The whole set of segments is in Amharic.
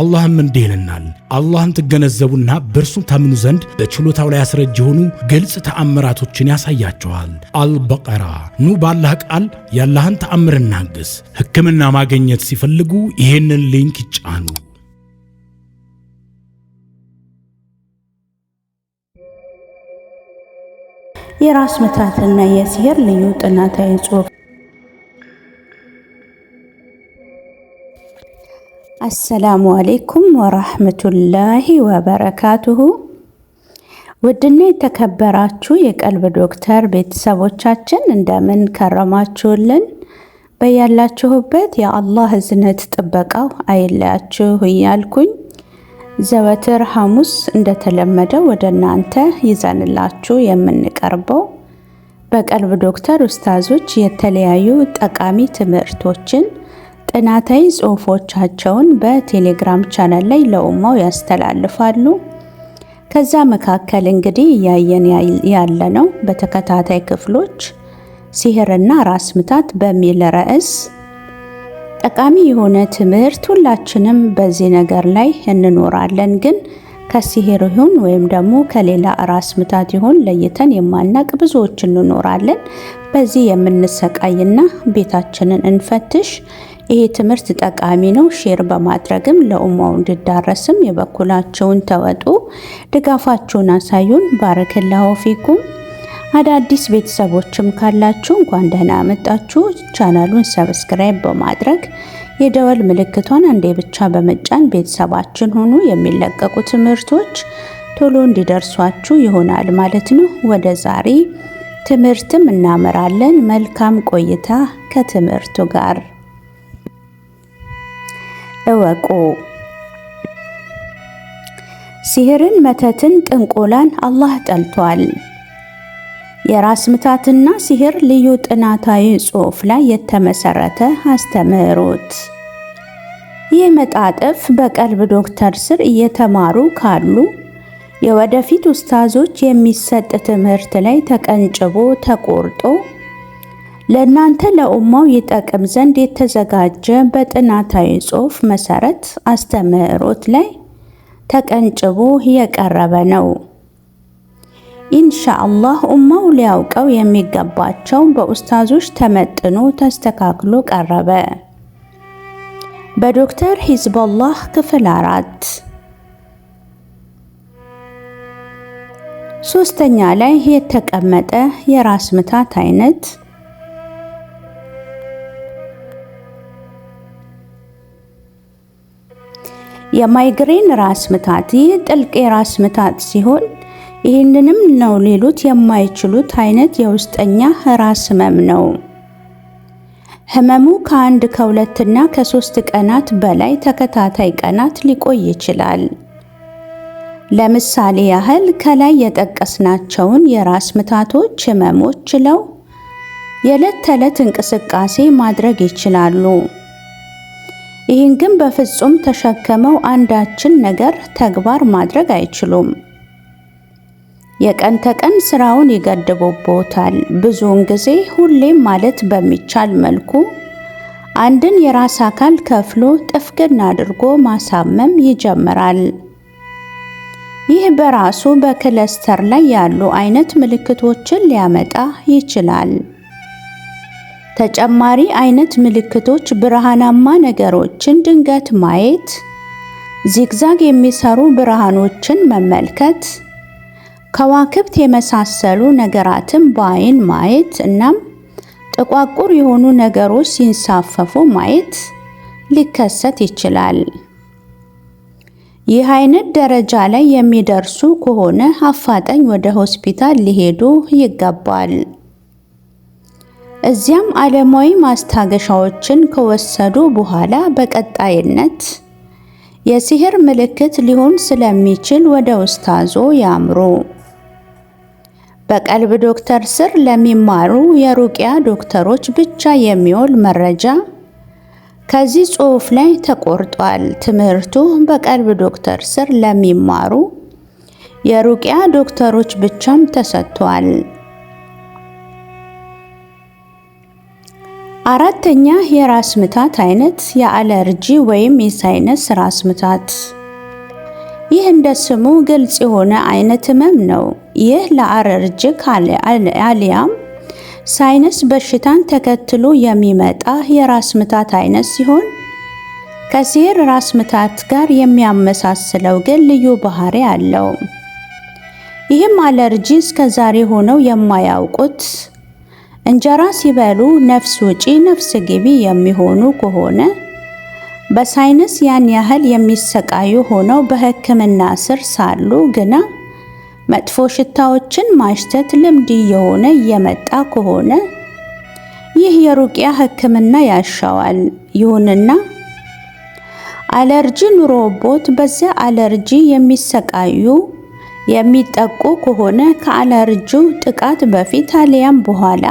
አላህም እንዲህ ይለናል፣ አላህን ትገነዘቡና በእርሱ ታምኑ ዘንድ በችሎታው ላይ አስረጅ የሆኑ ግልጽ ተአምራቶችን ያሳያቸዋል። አልበቀራ ኑ ባላህ ቃል ያላህን ተአምር እናግስ። ሕክምና ማግኘት ሲፈልጉ ይህንን ሊንክ ይጫኑ። የራስ ምታትና የሲህር ልዩ ጥናታዊ ጽሑፍ አሰላሙ አሌይኩም ወራህመቱላሂ ወበረካቱሁ። ውድና የተከበራችሁ የቀልብ ዶክተር ቤተሰቦቻችን እንደምን ከረማችሁልን? በያላችሁበት የአላህ እዝነት ጥበቃው አይለያችሁ እያልኩኝ ዘወትር ሐሙስ እንደተለመደው ወደ እናንተ ይዘንላችሁ የምንቀርበው በቀልብ ዶክተር ኡስታዞች የተለያዩ ጠቃሚ ትምህርቶችን ጥናታዊ ጽሑፎቻቸውን በቴሌግራም ቻናል ላይ ለኡማው ያስተላልፋሉ። ከዛ መካከል እንግዲህ እያየን ያለነው በተከታታይ ክፍሎች ሲህርና ራስ ምታት በሚል ርዕስ ጠቃሚ የሆነ ትምህርት ሁላችንም በዚህ ነገር ላይ እንኖራለን። ግን ከሲህር ይሁን ወይም ደግሞ ከሌላ ራስ ምታት ይሁን ለይተን የማናቅ ብዙዎች እንኖራለን። በዚህ የምንሰቃይና ቤታችንን እንፈትሽ። ይሄ ትምህርት ጠቃሚ ነው። ሼር በማድረግም ለኡማው እንዲዳረስም የበኩላቸውን ተወጡ። ድጋፋችሁን አሳዩን። ባረከላሁ ፊኩም። አዳዲስ ቤተሰቦችም ካላችሁ እንኳን ደህና መጣችሁ። ቻናሉን ሰብስክራይብ በማድረግ የደወል ምልክቷን አንዴ ብቻ በመጫን ቤተሰባችን ሆኑ። የሚለቀቁ ትምህርቶች ቶሎ እንዲደርሷችሁ ይሆናል ማለት ነው። ወደ ዛሬ ትምህርትም እናመራለን። መልካም ቆይታ ከትምህርቱ ጋር እወቁ። ሲህርን፣ መተትን፣ ጥንቆላን አላህ ጠልቷል። የራስ ምታትና ሲህር ልዩ ጥናታዊ ጽሑፍ ላይ የተመሰረተ አስተምህሮት። ይህ መጣጥፍ በቀልብ ዶክተር ስር እየተማሩ ካሉ የወደፊት ኡስታዞች የሚሰጥ ትምህርት ላይ ተቀንጭቦ ተቆርጦ ለእናንተ ለኡማው ይጠቅም ዘንድ የተዘጋጀ በጥናታዊ ጽሑፍ መሰረት አስተምህሮት ላይ ተቀንጭቦ የቀረበ ነው። ኢንሻአላህ ኡማው ሊያውቀው የሚገባቸው በኡስታዞች ተመጥኖ ተስተካክሎ ቀረበ። በዶክተር ሂዝቦላህ ክፍል አራት ሶስተኛ ላይ የተቀመጠ የራስ ምታት አይነት የማይግሬን ራስ ምታት ይህ ጥልቅ የራስ ምታት ሲሆን ይህንንም ነው ሌሉት የማይችሉት አይነት የውስጠኛ ራስ ህመም ነው። ህመሙ ከአንድ ከሁለትና ከሶስት ቀናት በላይ ተከታታይ ቀናት ሊቆይ ይችላል። ለምሳሌ ያህል ከላይ የጠቀስናቸውን የራስ ምታቶች ህመሞች ችለው የዕለት ተዕለት እንቅስቃሴ ማድረግ ይችላሉ። ይህን ግን በፍጹም ተሸከመው አንዳችን ነገር ተግባር ማድረግ አይችሉም። የቀን ተቀን ስራውን ይገድቡቦታል። ብዙውን ጊዜ ሁሌም ማለት በሚቻል መልኩ አንድን የራስ አካል ከፍሎ ጥፍግን አድርጎ ማሳመም ይጀምራል። ይህ በራሱ በክለስተር ላይ ያሉ አይነት ምልክቶችን ሊያመጣ ይችላል። ተጨማሪ አይነት ምልክቶች ብርሃናማ ነገሮችን ድንገት ማየት፣ ዚግዛግ የሚሰሩ ብርሃኖችን መመልከት፣ ከዋክብት የመሳሰሉ ነገራትን በአይን ማየት እናም ጥቋቁር የሆኑ ነገሮች ሲንሳፈፉ ማየት ሊከሰት ይችላል። ይህ አይነት ደረጃ ላይ የሚደርሱ ከሆነ አፋጣኝ ወደ ሆስፒታል ሊሄዱ ይገባል። እዚያም ዓለማዊ ማስታገሻዎችን ከወሰዱ በኋላ በቀጣይነት የሲህር ምልክት ሊሆን ስለሚችል ወደ ውስታዞ ያምሩ። በቀልብ ዶክተር ስር ለሚማሩ የሩቅያ ዶክተሮች ብቻ የሚውል መረጃ ከዚህ ጽሑፍ ላይ ተቆርጧል። ትምህርቱ በቀልብ ዶክተር ስር ለሚማሩ የሩቅያ ዶክተሮች ብቻም ተሰጥቷል። አራተኛ የራስ ምታት አይነት የአለርጂ ወይም የሳይነስ ራስ ምታት። ይህ እንደ ስሙ ግልጽ የሆነ አይነት ህመም ነው። ይህ ለአለርጂክ አሊያም ሳይነስ በሽታን ተከትሎ የሚመጣ የራስ ምታት አይነት ሲሆን ከሲር ራስ ምታት ጋር የሚያመሳስለው ግን ልዩ ባህሪ አለው። ይህም አለርጂ እስከዛሬ ሆነው የማያውቁት እንጀራ ሲበሉ ነፍስ ውጪ ነፍስ ግቢ የሚሆኑ ከሆነ በሳይንስ ያን ያህል የሚሰቃዩ ሆነው በሕክምና ስር ሳሉ ግና መጥፎ ሽታዎችን ማሽተት ልምድ እየሆነ እየመጣ ከሆነ ይህ የሩቅያ ሕክምና ያሻዋል። ይሁንና አለርጂ ኑሮቦት በዚያ አለርጂ የሚሰቃዩ የሚጠቁ ከሆነ ከአለርጂው ጥቃት በፊት አሊያም በኋላ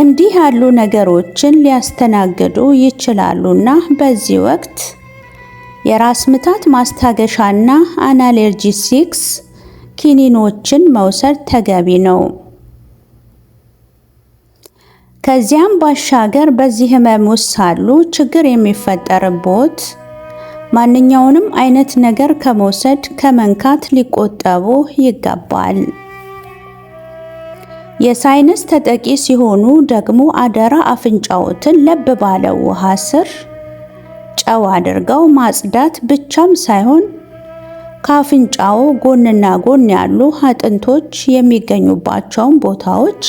እንዲህ ያሉ ነገሮችን ሊያስተናግዱ ይችላሉና በዚህ ወቅት የራስ ምታት ማስታገሻና አናሌርጂሲክስ ኪኒኖችን መውሰድ ተገቢ ነው። ከዚያም ባሻገር በዚህ ህመም ውስጥ ሳሉ ችግር የሚፈጠርቦት ማንኛውንም አይነት ነገር ከመውሰድ ከመንካት ሊቆጠቡ ይገባል። የሳይነስ ተጠቂ ሲሆኑ ደግሞ አደራ አፍንጫዎትን ለብ ባለ ውሃ ስር ጨው አድርገው ማጽዳት ብቻም ሳይሆን ከአፍንጫው ጎንና ጎን ያሉ አጥንቶች የሚገኙባቸውን ቦታዎች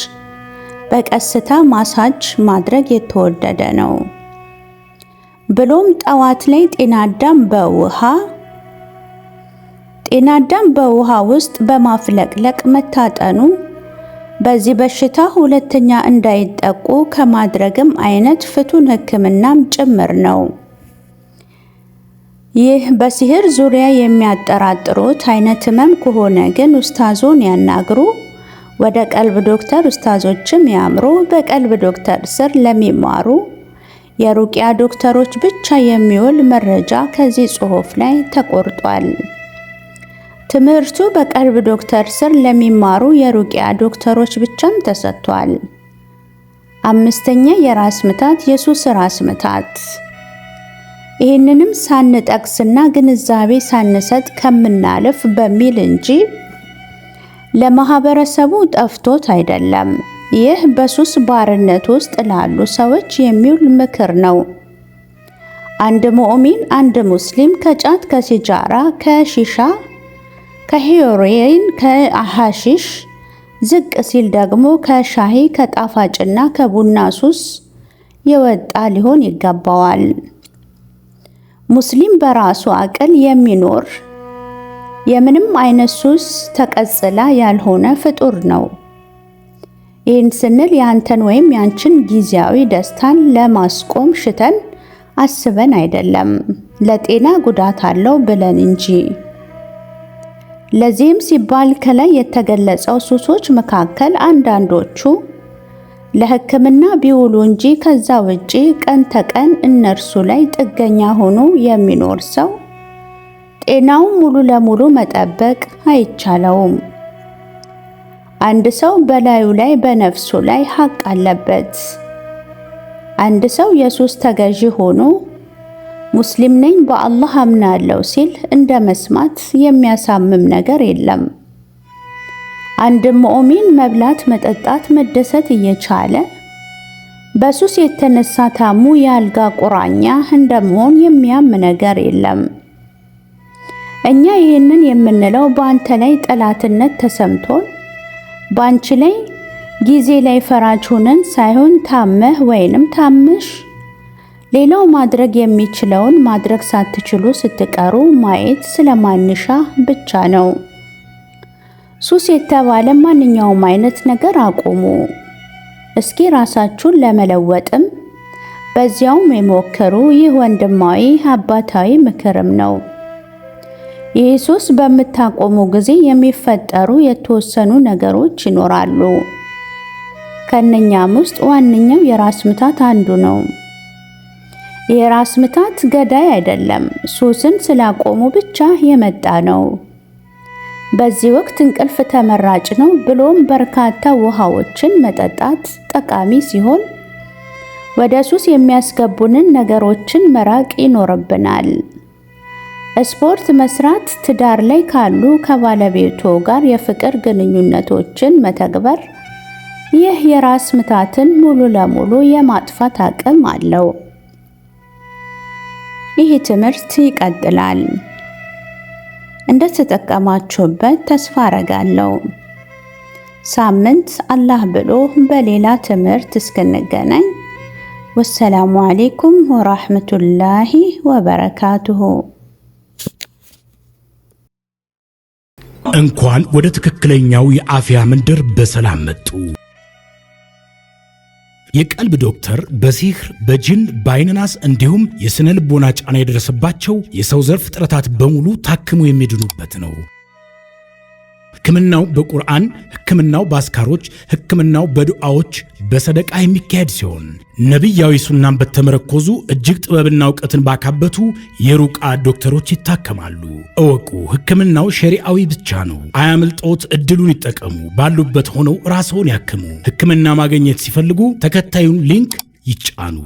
በቀስታ ማሳጅ ማድረግ የተወደደ ነው። ብሎም ጠዋት ላይ ጤና አዳም በውሃ ጤና አዳም በውሃ ውስጥ በማፍለቅለቅ መታጠኑ በዚህ በሽታ ሁለተኛ እንዳይጠቁ ከማድረግም አይነት ፍቱን ሕክምናም ጭምር ነው። ይህ በሲህር ዙሪያ የሚያጠራጥሩት አይነት ህመም ከሆነ ግን ኡስታዞን ያናግሩ። ወደ ቀልብ ዶክተር ኡስታዞችም ያምሩ። በቀልብ ዶክተር ስር ለሚማሩ የሩቅያ ዶክተሮች ብቻ የሚውል መረጃ ከዚህ ጽሑፍ ላይ ተቆርጧል። ትምህርቱ በቀልብ ዶክተር ስር ለሚማሩ የሩቂያ ዶክተሮች ብቻም ተሰጥቷል። አምስተኛ የራስ ምታት የሱስ ራስ ምታት። ይህንንም ሳንጠቅስና ግንዛቤ ሳንሰጥ ከምናልፍ በሚል እንጂ ለማህበረሰቡ ጠፍቶት አይደለም። ይህ በሱስ ባርነት ውስጥ ላሉ ሰዎች የሚውል ምክር ነው። አንድ ሙእሚን፣ አንድ ሙስሊም ከጫት፣ ከሲጃራ፣ ከሺሻ ከሂዮሬን ከአሐሺሽ ዝቅ ሲል ደግሞ ከሻሂ ከጣፋጭና ከቡና ሱስ የወጣ ሊሆን ይገባዋል። ሙስሊም በራሱ አቅል የሚኖር የምንም አይነት ሱስ ተቀጽላ ያልሆነ ፍጡር ነው። ይህን ስንል ያንተን ወይም ያንችን ጊዜያዊ ደስታን ለማስቆም ሽተን አስበን አይደለም፣ ለጤና ጉዳት አለው ብለን እንጂ ለዚህም ሲባል ከላይ የተገለጸው ሱሶች መካከል አንዳንዶቹ ለሕክምና ቢውሉ እንጂ ከዛ ውጪ ቀን ተቀን እነርሱ ላይ ጥገኛ ሆኖ የሚኖር ሰው ጤናውን ሙሉ ለሙሉ መጠበቅ አይቻለውም። አንድ ሰው በላዩ ላይ በነፍሱ ላይ ሐቅ አለበት። አንድ ሰው የሱስ ተገዢ ሆኖ ሙስሊም ነኝ በአላህ አምናለሁ ሲል እንደ መስማት የሚያሳምም ነገር የለም። አንድ ሙእሚን መብላት፣ መጠጣት፣ መደሰት እየቻለ በሱስ የተነሳ ታሙ የአልጋ ቁራኛ እንደመሆን የሚያም ነገር የለም። እኛ ይህንን የምንለው በአንተ ላይ ጠላትነት ተሰምቶን በአንቺ ላይ ጊዜ ላይ ፈራጅ ሆነን ሳይሆን ታመህ ወይንም ታምሽ ሌላው ማድረግ የሚችለውን ማድረግ ሳትችሉ ስትቀሩ ማየት ስለማንሻ ብቻ ነው። ሱስ የተባለ ማንኛውም አይነት ነገር አቁሙ። እስኪ ራሳችሁን ለመለወጥም በዚያውም የሞከሩ ይህ ወንድማዊ አባታዊ ምክርም ነው። ይህ ሱስ በምታቆሙ ጊዜ የሚፈጠሩ የተወሰኑ ነገሮች ይኖራሉ። ከነኛም ውስጥ ዋነኛው የራስ ምታት አንዱ ነው። የራስ ምታት ገዳይ አይደለም፣ ሱስን ስላቆሙ ብቻ የመጣ ነው። በዚህ ወቅት እንቅልፍ ተመራጭ ነው፣ ብሎም በርካታ ውሃዎችን መጠጣት ጠቃሚ ሲሆን ወደ ሱስ የሚያስገቡንን ነገሮችን መራቅ ይኖርብናል። ስፖርት መስራት፣ ትዳር ላይ ካሉ ከባለቤቶ ጋር የፍቅር ግንኙነቶችን መተግበር፣ ይህ የራስ ምታትን ሙሉ ለሙሉ የማጥፋት አቅም አለው። ይህ ትምህርት ይቀጥላል። እንደተጠቀማችሁበት ተስፋ አረጋለሁ። ሳምንት አላህ ብሎ በሌላ ትምህርት እስክንገናኝ ወሰላሙ አሌይኩም ወራህመቱላሂ ወበረካቱሁ። እንኳን ወደ ትክክለኛው የአፍያ መንደር በሰላም መጡ። የቀልብ ዶክተር በሲህር በጅን በአይነናስ እንዲሁም የስነ ልቦና ጫና የደረሰባቸው የሰው ዘር ፍጥረታት በሙሉ ታክመው የሚድኑበት ነው። ህክምናው በቁርአን፣ ህክምናው በአስካሮች፣ ህክምናው በዱዓዎች፣ በሰደቃ የሚካሄድ ሲሆን ነቢያዊ ሱናን በተመረኮዙ እጅግ ጥበብና እውቀትን ባካበቱ የሩቃ ዶክተሮች ይታከማሉ። እወቁ፣ ህክምናው ሸሪአዊ ብቻ ነው። አያምልጦት፣ እድሉን ይጠቀሙ። ባሉበት ሆነው ራስዎን ያክሙ። ህክምና ማግኘት ሲፈልጉ ተከታዩን ሊንክ ይጫኑ።